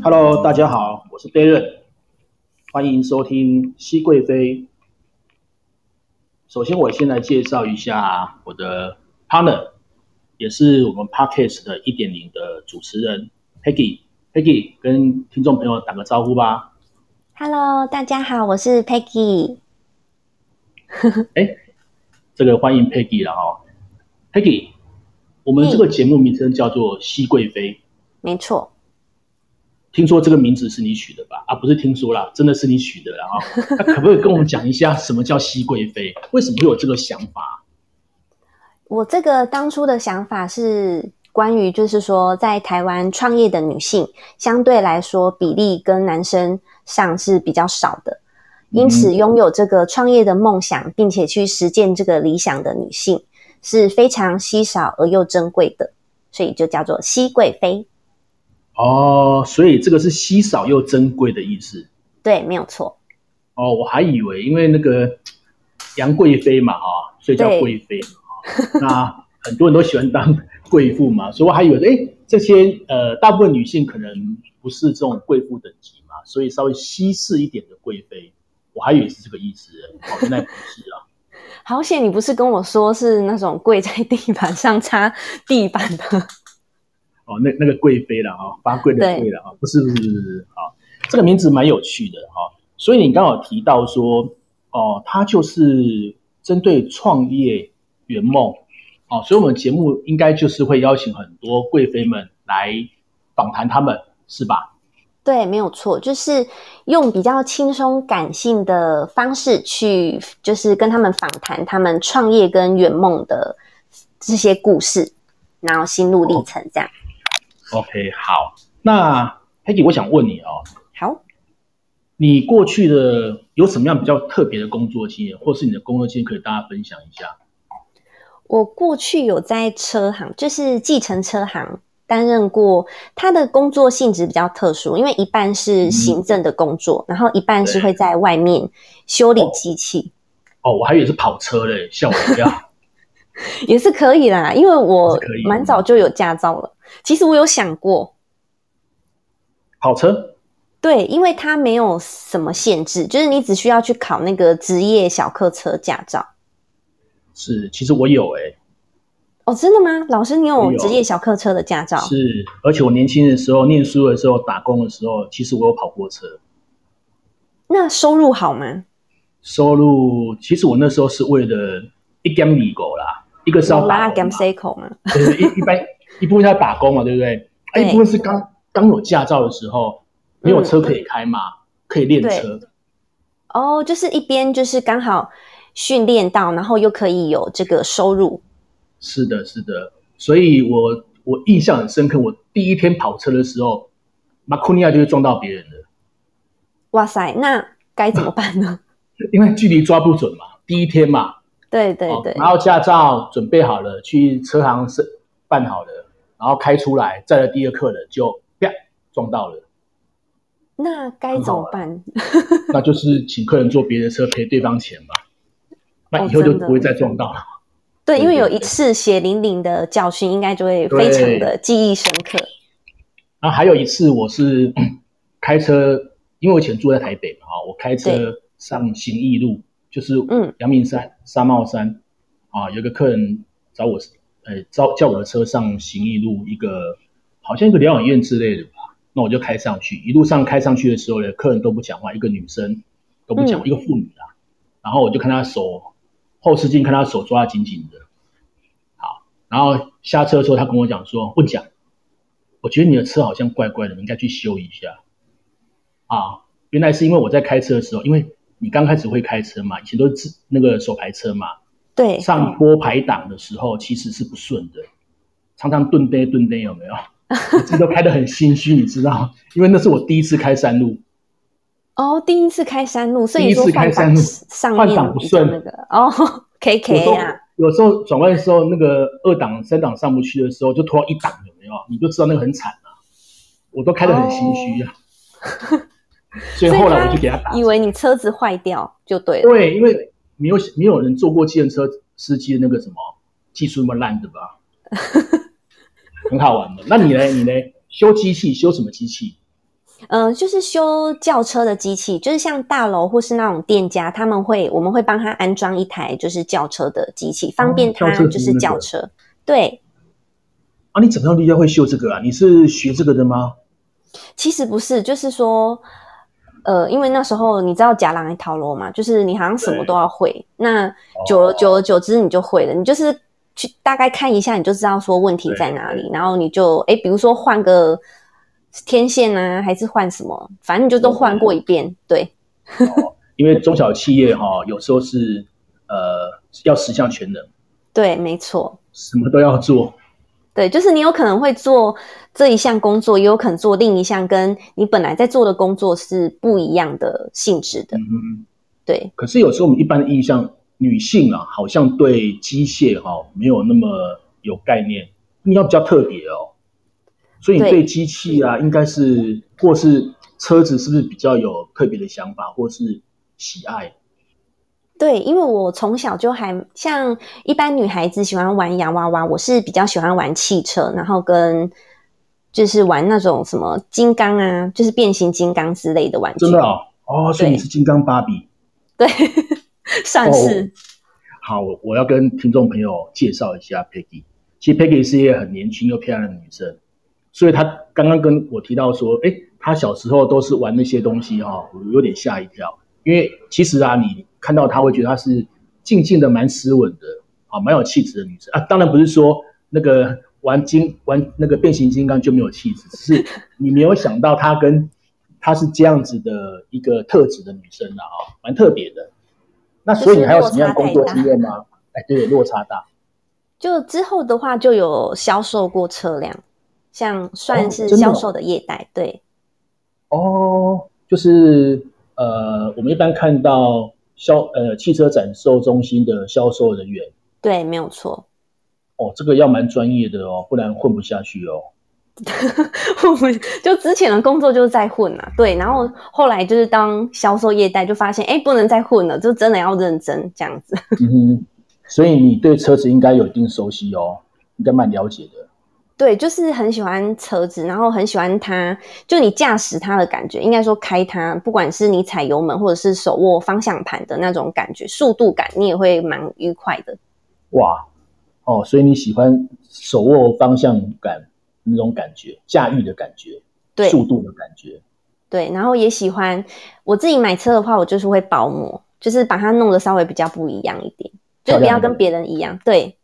Hello，大家好，我是 Darren，歡迎收聽《稀貴妃》。首先，我先來介紹一下、啊、我的 partner，也是我們 Podcast 的一點零的主持人 Peggy。Peggy，Peg 跟聽眾朋友打個招呼吧。Hello，大家好，我是 Peggy。哎 ，這個歡迎 Peggy 了哦。Peggy，我們這個節目名稱叫做《稀貴妃》。沒錯。聽說這個名字是你取的吧？啊，不是聽說啦，真的是你取的啦啊、哦！那可不可以跟我們講一下，什麼叫“稀貴妃”？為什麼會有這個想法？ 我這個當初的想法是關於，就是說，在台灣創業的女性，相對來說比例跟男生上是比較少的，因此擁有這個創業的夢想，並且去實踐這個理想的女性是非常稀少而又珍貴的，所以就叫做“稀貴妃”。哦，所以這個是稀少又珍貴的意思。對，沒有錯。哦，我還以為因為那個楊貴妃嘛，啊、哦，所以叫貴妃嘛對、 哦。那很多人都喜歡當貴婦嘛，所以我還以為，誒，這些呃，大部分女性可能不是這種貴婦等級嘛，所以稍微稀釋一點的貴妃，我還以為是這個意思，哦，現在不是啊。好險，你不是跟我說是那種跪在地板上擦地板的。哦，那那個貴妃、哦、了啊，八貴的貴了啊，不是不是不是，好、哦，這個名字蠻有趣的哈、哦。所以你剛好提到說，哦，他就是針對創業圓夢，哦，所以我們節目應該就是會邀請很多貴妃們來訪談他們，是吧？對，沒有錯，就是用比較輕鬆感性的方式去，就是跟他們訪談他們創業跟圓夢的這些故事，然後心路歷程這樣。哦 OK，好，那 Peggy 我想問你哦，好，你過去的有什麼樣比較特別的工作經驗，或是你的工作經驗可以大家分享一下？我過去有在車行，就是計程車行擔任過，他的工作性質比較特殊，因為一半是行政的工作，嗯、然後一半是會在外面修理機器。哦，哦，我還以為是跑車嘞，像我一樣。 也是可以啦，因為我蠻早就有駕照了。其實我有想過，跑車，對，因為它沒有什麼限制，就是你只需要去考那個職業小客車駕照。是，其實我有哎、欸。哦，真的嗎？老師，你有職業小客車的駕照？是，而且我年輕的時候、念書的時候、打工的時候，其實我有跑過車。那收入好嗎？收入其實我那時候是為了一點米糕。一個是要打工嘛，就是 一一般一部分在打工嘛，對不對？對，一部分是剛剛有駕照的時候沒有車可以開嘛，嗯、可以練車。哦，就是一邊就是剛好訓練到，然後又可以有這個收入。是的，是的。所以我我印象很深刻，我第一天跑車的時候，馬庫尼亞就是撞到別人了。哇塞，那該怎麼辦呢？ 因為距離抓不準嘛，第一天嘛。對對對、哦，然後駕照準備好了，去車行是辦好了，然後開出來載了第二客人就，就啪撞到了。那該怎麼辦？那就是請客人坐別的車賠對方錢吧。 那以後就不會再撞到了、哦。對，因為有一次血淋淋的教訓，應該就會非常的記憶深刻。然後還有一次，我是開車，因為我以前住在台北嘛，哈、哦，我開車上行義路。就是，嗯，陽明山、紗帽山，嗯、啊，有個客人找我，呃、欸，招叫，叫我的車上行義路一個，好像一個療養院之類的吧。那我就開上去，一路上開上去的時候呢，客人都不講話，一個女生都不講，嗯、一個婦女啦、啊。然後我就看她手，後視鏡看她手抓得緊緊的，好，然後下車的時候他跟我講說不講，我覺得你的車好像怪怪的，你應該去修一下。啊，原來是因為我在開車的時候，因為。你剛開始會開車嘛？以前都是那個手排車嘛，對，上坡排檔的時候其實是不順的，對常常頓杯頓杯，有沒有？ 我自己都開得很心虛，你知道，因為那是我第一次開山路。哦，第一次開山路，所以第一次開山路換檔不順。個那個、哦，可以可以啊有。有時候轉彎的時候，那個二檔三檔上不去的時候，就拖到一檔，有沒有？你就知道那個很慘了。啊，我都開得很心虛呀。哦 所以後來我就給他打，以，他以為你車子壞掉就對了。對，因為沒有沒有人坐過計程車司機的那個什麼技術那麼爛的吧？ 很好玩的。那你呢？你呢？修機器修什麼機器？嗯、呃，就是修轎車的機器，就是像大樓或是那種店家，他們會我們會幫他安裝一台就是轎車的機器，哦、車車方便他就是轎車。那個、對。啊，你怎麼樣？人家會修這個啊？你是學這個的嗎？其實不是，就是說。呃，因為那時候你知道“夾狼還套羅”嘛，就是你好像什麼都要會，對那久、哦、久而久之你就會了。你就是去大概看一下，你就知道說問題在哪裡，對然後你就，誒，比如說換個天線啊，還是換什麼，反正你就都換過一遍。對，對、哦，因為中小企業哈、哦，有時候是呃要十項全能。對，沒錯，什麼都要做。對，就是你有可能會做這一項工作，也有可能做另一項，跟你本來在做的工作是不一樣的性質的。嗯嗯，對。可是有時候我們一般的印象，女性啊，好像對機械哈哦，沒有那麼有概念，你要比較特別哦。所以你對機器啊，對應該是或是車子，是不是比較有特別的想法或是喜愛？對，因為我從小就還像一般女孩子喜歡玩洋娃娃，我是比較喜歡玩汽車，然後跟就是玩那種什麼金剛啊，就是變形金剛之類的玩具。真的哦？哦，所以你是金剛芭比？對，對，呵呵，算是。哦，好，我我要跟聽眾朋友介紹一下 Peggy。其實 Peggy 是一個很年輕又漂亮的女生，所以她剛剛跟我提到說，誒，她小時候都是玩那些東西哦，我有點嚇一跳，因為其實啊，你。看到她會覺得她是靜靜的，蠻穩的，蠻斯文的啊，蠻有氣質的女生啊。當然不是說那個玩金玩那個變形金剛就沒有氣質，只是你沒有想到她跟她是這樣子的一個特質的女生啊，哦，蠻特別的。那所以你還有什麼樣工作經驗嗎、啊？哎，對，落差大。就之後的話就有銷售過車輛，像算是銷售的業代，哦哦，對。哦，就是呃，我們一般看到。銷呃汽車展售中心的銷售人員，對，沒有錯。哦，這個要蠻專業的哦，不然混不下去哦。混 就之前的工作就是在混啊。對，然後後來就是當銷售業代，就發現哎不能再混了，就真的要認真這樣子。嗯哼，所以你對車子應該有一定熟悉哦，應該蠻了解的。對，就是很喜歡車子，然後很喜歡它，就你駕駛它的感覺，應該說開它，不管是你踩油門，或者是手握方向盤的那種感覺，速度感你也會蠻愉快的。哇，哦，所以你喜歡手握方向感那種感覺，駕馭的感覺，對，速度的感覺，對，然後也喜歡。我自己買車的話，我就是會包膜，就是把它弄得稍微比較不一樣一點，漂亮。就不要跟別人一樣，對。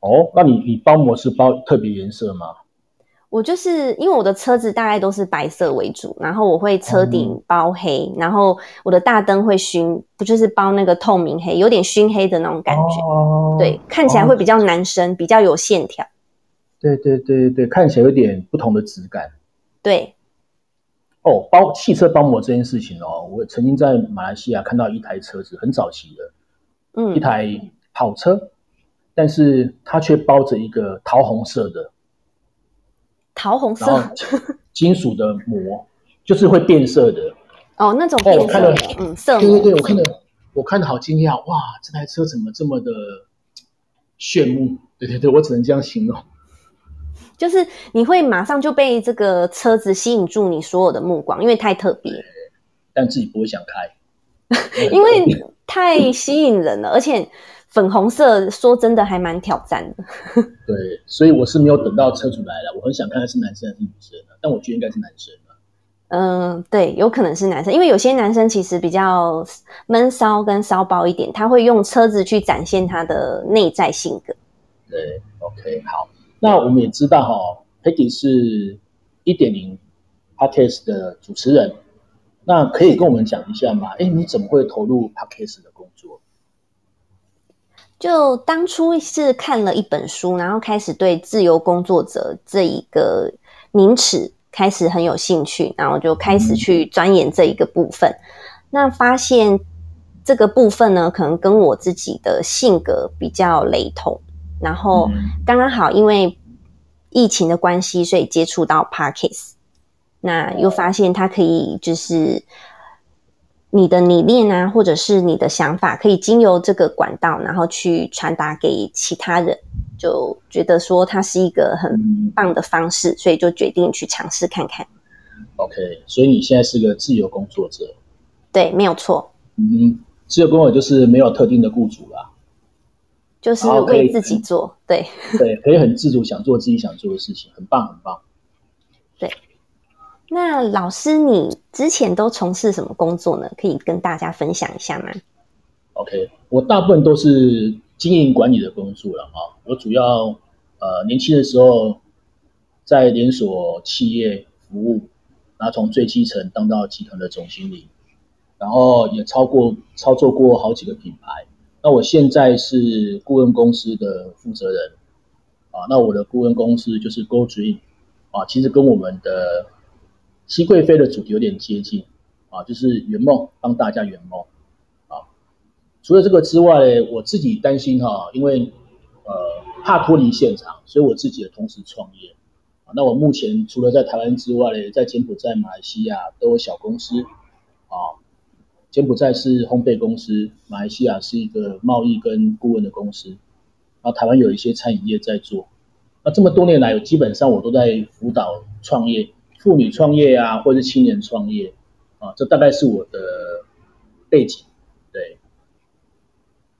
哦，那你你包膜是包特別顏色嗎？我就是因為我的車子大概都是白色為主，然後我會車頂包黑，嗯、然後我的大燈會燻，不就是包那個透明黑，有點燻黑的那種感覺。哦、對，看起來會比較男生，哦、比較有線條。對對對對對，看起來有點不同的質感。對。哦，包汽車包膜這件事情哦，我曾經在馬來西亞看到一台車子，很早期的，嗯，一台跑車。但是它卻包着一個桃紅色的桃紅色金屬的膜， 就是會變色的哦。那種變色，哦、了，嗯，色，對對對，我看的色我看的好驚訝哇！這台車怎麼這麼的炫目？對對對，我只能這樣形容，就是你會馬上就被這個車子吸引住你所有的目光，因為太特別，但自己不會想開， 因為太吸引人了， 而且。粉紅色，說真的還蠻挑戰的。對，所以我是沒有等到車主來了，我很想看他是男生還是女生，但我覺得應該是男生嗯、呃，對，有可能是男生，因為有些男生其實比較悶騷跟騷包一點，他會用車子去展現他的內在性格。對，OK，好。那我們也知道哈 Peggy 是一點零 Podcast 的主持人，那可以跟我們講一下嗎？哎，你怎麼會投入 Podcast 的？就當初是看了一本書，然後開始對自由工作者這一個名詞開始很有興趣，然後就開始去鑽研這一個部分。嗯、那發現這個部分呢，可能跟我自己的性格比較雷同，然後剛剛好因為疫情的關係，所以接觸到 Parkis，那又發現它可以就是。你的理念啊，或者是你的想法，可以經由這個管道，然後去傳達給其他人，就覺得說它是一個很棒的方式，嗯，所以就決定去嘗試看看。OK，所以你現在是個自由工作者。對，沒有錯。嗯，自由工作就是沒有特定的僱主啦，就是為自己做。Okay, 對對，對，可以很自主，想做自己想做的事情，很棒，很棒。對。那老師，你之前都從事什麼工作呢？可以跟大家分享一下嗎？OK，我大部分都是經營管理的工作了啊，我主要呃年輕的時候在連鎖企業服務，然後從最基層當到集團的總經理，然後也超過操作過好幾個品牌。那我現在是顧問公司的負責人啊。那我的顧問公司就是 Go Dream 啊，其實跟我們的。稀貴妃的主題有點接近啊，就是圓夢，幫大家圓夢啊。除了這個之外呢，我自己擔心哈、啊，因為呃怕脫離現場，所以我自己也同時創業啊。那我目前除了在台灣之外呢，在柬埔寨、馬來西亞都有小公司啊。柬埔寨是烘焙公司，馬來西亞是一個貿易跟顧問的公司，啊，台灣有一些餐飲業在做。那這麼多年來，基本上我都在輔導創業。婦女創業啊，或者是青年創業啊，這大概是我的背景。對，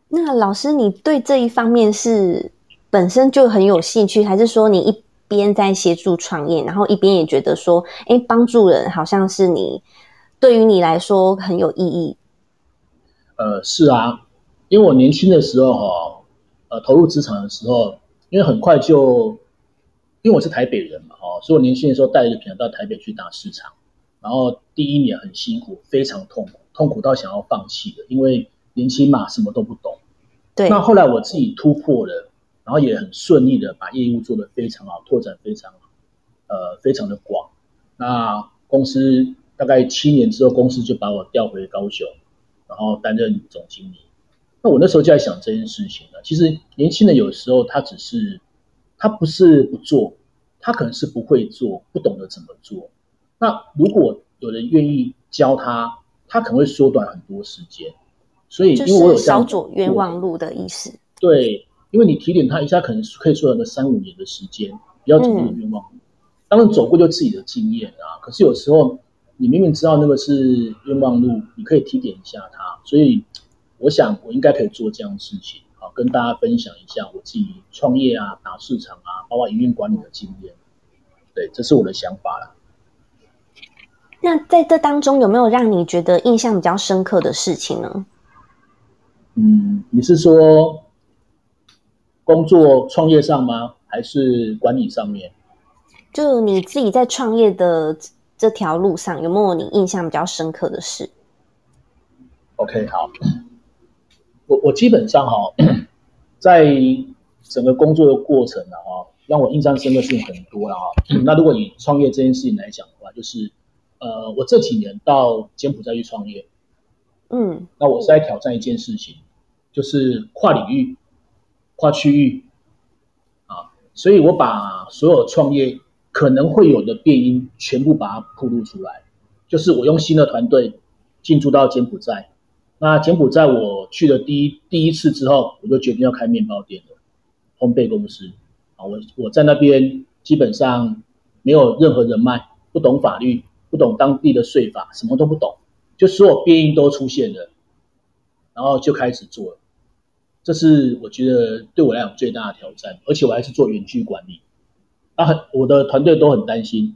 那老師，你對這一方面是本身就很有興趣，還是說你一邊在協助創業，然後一邊也覺得說，哎、欸，幫助人好像是你對於你來說很有意義？呃，是啊，因為我年輕的時候哈，呃、啊，投入職場的時候，因為很快就。因為我是台北人嘛，哦，所以我年輕的時候帶一個品牌到台北去打市場，然後第一年很辛苦，非常痛苦，痛苦到想要放棄的，因為年輕嘛，什麼都不懂。對。那後來我自己突破了，然後也很順利的把業務做得非常好，拓展非常好，呃，非常的廣。那公司大概七年之後，公司就把我調回高雄，然後擔任總經理。那我那時候就在想這件事情了。其實年輕人有時候他只是他不是不做。他可能是不會做，不懂得怎麼做。那如果有人願意教他，他可能會縮短很多時間。所以，因為我有想過，就是少走冤枉路的意思。對，因為你提點他一下，可能可以縮短個三五年的時間，不要走過的冤枉路。嗯、當然走過就自己的經驗啊，嗯、可是有時候你明明知道那個是冤枉路，嗯、你可以提點一下他。所以我想，我應該可以做這樣的事情。好，跟大家分享一下我自己創業啊、打市場啊，包括營運管理的經驗。對，這是我的想法啦。那在這當中有沒有讓你覺得印象比較深刻的事情呢？嗯，你是說工作創業上嗎？還是管理上面？就你自己在創業的這條路上，有沒有你印象比較深刻的事？OK，好。我我基本上哈、哦，在整個工作的過程呢，哈，讓我印象深刻的事情很多了哈。那如果你創業這件事情來講的話，就是，呃，我這幾年到柬埔寨去創業，嗯，那我是在挑戰一件事情，就是跨領域、跨區域，啊，所以我把所有創業可能會有的變因全部把它曝露出來，就是我用新的團隊進駐到柬埔寨。那柬埔寨在我去了第一第一次之後，我就決定要開麵包店的烘焙公司啊。我我在那邊基本上沒有任何人脈，不懂法律，不懂當地的稅法，什麼都不懂，就所有變異都出現了，然後就開始做了。這是我覺得對我來講最大的挑戰，而且我還是做園區管理，啊，我的團隊都很擔心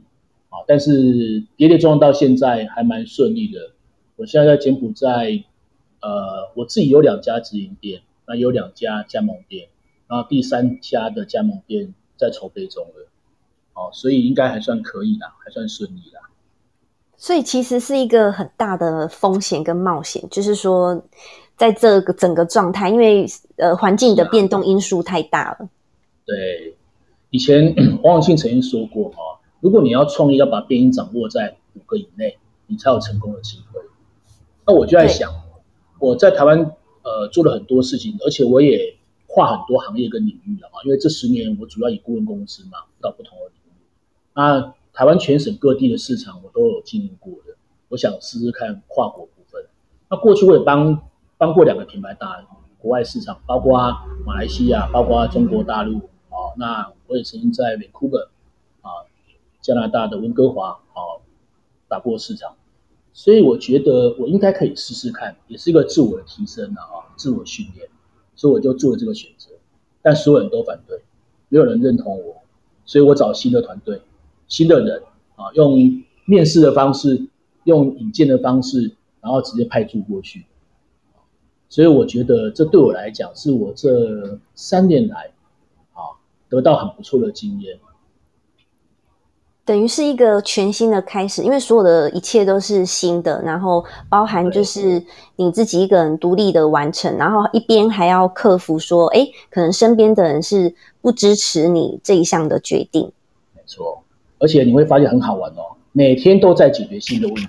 啊，但是跌跌撞撞到現在還蠻順利的。我現在在柬埔寨在。呃，我自己有兩家直營店，那有兩家加盟店，然後第三家的加盟店在籌備中了。哦、所以應該還算可以啦，還算順利啦。所以其實是一個很大的風險跟冒險，就是說在這個整個狀態，因為呃環境的變動因素太大了。啊、對，以前王永慶曾經說過，哈、哦，如果你要創業，要把變因掌握在五個以內，你才有成功的機會。那我就在想。我在台灣，呃，做了很多事情，而且我也跨很多行業跟領域了啊。因為這十年我主要以顧問公司嘛，到不同的領域。那台灣全省各地的市場我都有經營過的。我想試試看跨國部分。那過去我也幫幫過兩個品牌打、嗯、國外市場，包括馬來西亞，包括中國大陸。哦，那我也曾經在溫哥華，啊、哦，加拿大的溫哥華，哦，打過市場。所以我覺得我應該可以試試看，也是一個自我的提升啊，自我訓練。所以我就做了這個選擇，但所有人都反對，沒有人認同我，所以我找新的團隊、新的人啊，用面試的方式、用引薦的方式，然後直接派駐過去。所以我覺得這對我來講，是我這三年來啊得到很不錯的經驗。等於是一個全新的開始，因為所有的一切都是新的，然後包含就是你自己一個人獨立的完成，對然後一邊還要克服說，哎，可能身邊的人是不支持你這一項的決定。沒錯，而且你會發現很好玩哦，每天都在解決新的問題。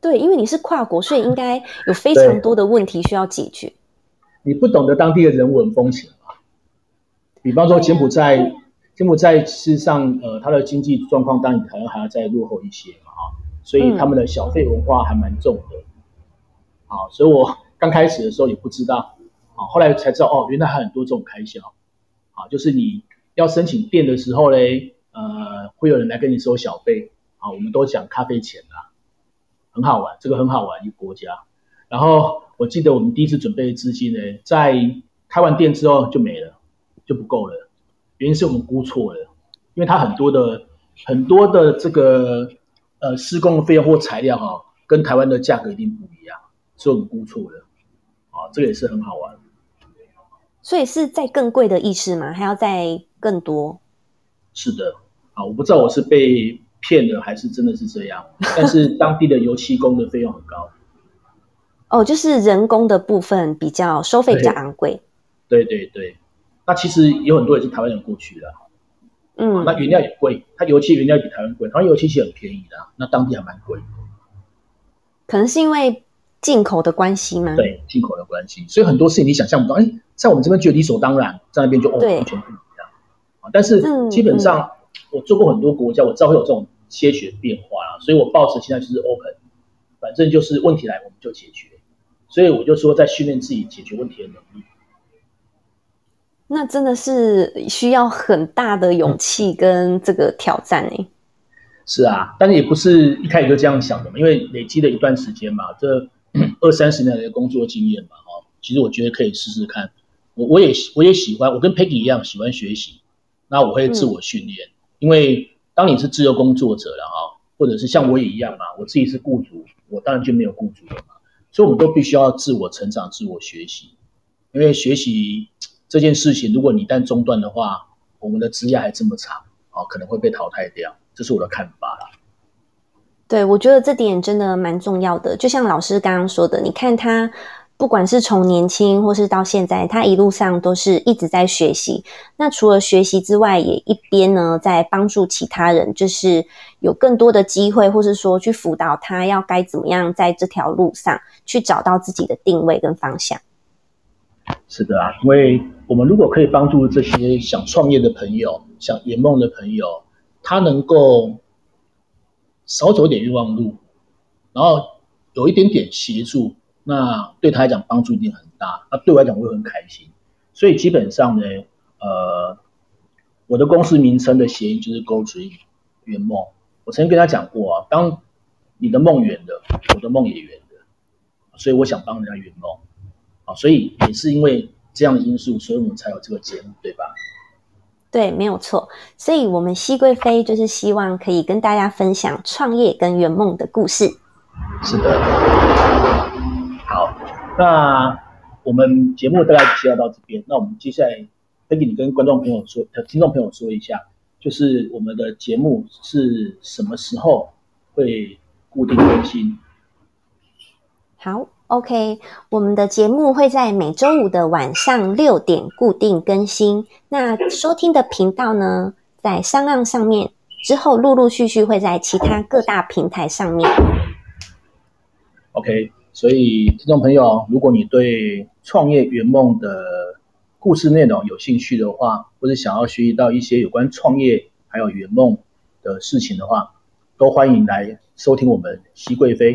對，因為你是跨國，所以應該有非常多的問題需要解決。 你不懂得當地的人文風情嗎？比方說柬埔寨、嗯。在柬埔寨事實上，呃，他的經濟狀況當然還要還要再落後一些嘛，啊，所以他們的小費文化還蠻重的，嗯、啊，所以我剛開始的時候也不知道，啊，後來才知道哦，原來還有很多這種開銷，啊，就是你要申請店的時候咧，呃，會有人來跟你收小費，啊，我們都講咖啡錢啦，很好玩，這個很好玩，一個國家。然後我記得我們第一次準備資金咧，在開完店之後就沒了，就不夠了。原因是我們估錯了，因為它很多的很多的這個呃施工費用或材料哈、哦，跟台灣的價格一定不一樣，所以我們估錯了啊、哦，這個也是很好玩。所以是再更貴的意思嗎？還要再更多？是的，啊、哦，我不知道我是被騙了還是真的是這樣， 但是當地的油漆工的費用很高。哦，就是人工的部分比較收費比較昂貴。對，對對對。那其實有很多也是台灣人過去的、啊，嗯、啊，那原料也貴，它油漆原料也比台灣貴，台灣油漆其實很便宜的、啊，那當地還蠻貴，可能是因為進口的關係嗎？對，進口的關係，所以很多事情你想象不到，哎、欸，在我們這邊就理所當然，在那邊就哦，完對全不一樣，啊，但是基本上、嗯嗯、我做過很多國家，我知道會有這種些許變化啦、啊，所以我抱持現在就是 open，反正就是問題來我們就解決，所以我就說在訓練自己解決問題的能力。那真的是需要很大的勇氣跟這個挑戰、欸嗯、是啊，但是也不是一開始就這樣想的嘛，因為累積了一段時間嘛，這二三十年的工作經驗嘛、哦，其實我覺得可以試試看。我我也我也喜歡，我跟 Peggy 一樣喜歡學習。那我會自我訓練，嗯、因為當你是自由工作者了哈，或者是像我也一樣嘛，我自己是雇主，我當然就沒有雇主了嘛，所以我們都必須要自我成長、自我學習，因為學習。這件事情，如果你一旦中斷的話，我們的枝椏還這麼長，哦，可能會被淘汰掉。這是我的看法啦。對，我覺得這點真的蠻重要的。就像老師剛剛說的，你看他不管是從年輕或是到現在，他一路上都是一直在學習。那除了學習之外，也一邊呢在幫助其他人，就是有更多的機會，或是說去輔導他要該怎麼樣在這條路上去找到自己的定位跟方向。是的啊，因為我們如果可以幫助這些想創業的朋友、想圓夢的朋友，他能夠少走一點冤枉路，然後有一點點協助，那對他來講幫助一定很大。那對我來講會很開心。所以基本上呢，呃，我的公司名稱的諧音就是 “Go Dream 圓夢”。我曾經跟他講過啊，當你的夢圓了，我的夢也圓了，所以我想幫人家圓夢。好、哦，所以也是因為這樣的因素，所以我們才有這個節目，對吧？對，沒有錯。所以，我們稀貴妃就是希望可以跟大家分享創業跟圓夢的故事。是的。好，那我們節目大概介紹到這邊，那我們接下來 Peggy 你跟觀眾朋友說，呃，聽眾朋友說一下，就是我們的節目是什麼時候會固定更新？好。OK，我們的節目會在每周五的晚上六點固定更新。那收聽的頻道呢，在 SoundOn 上面，之後陸陸續續會在其他各大平台上面。OK，所以聽眾朋友，如果你對創業圓夢的故事內容有興趣的話，或者想要學習到一些有關創業還有圓夢的事情的話，都歡迎來收聽我們《稀貴妃》。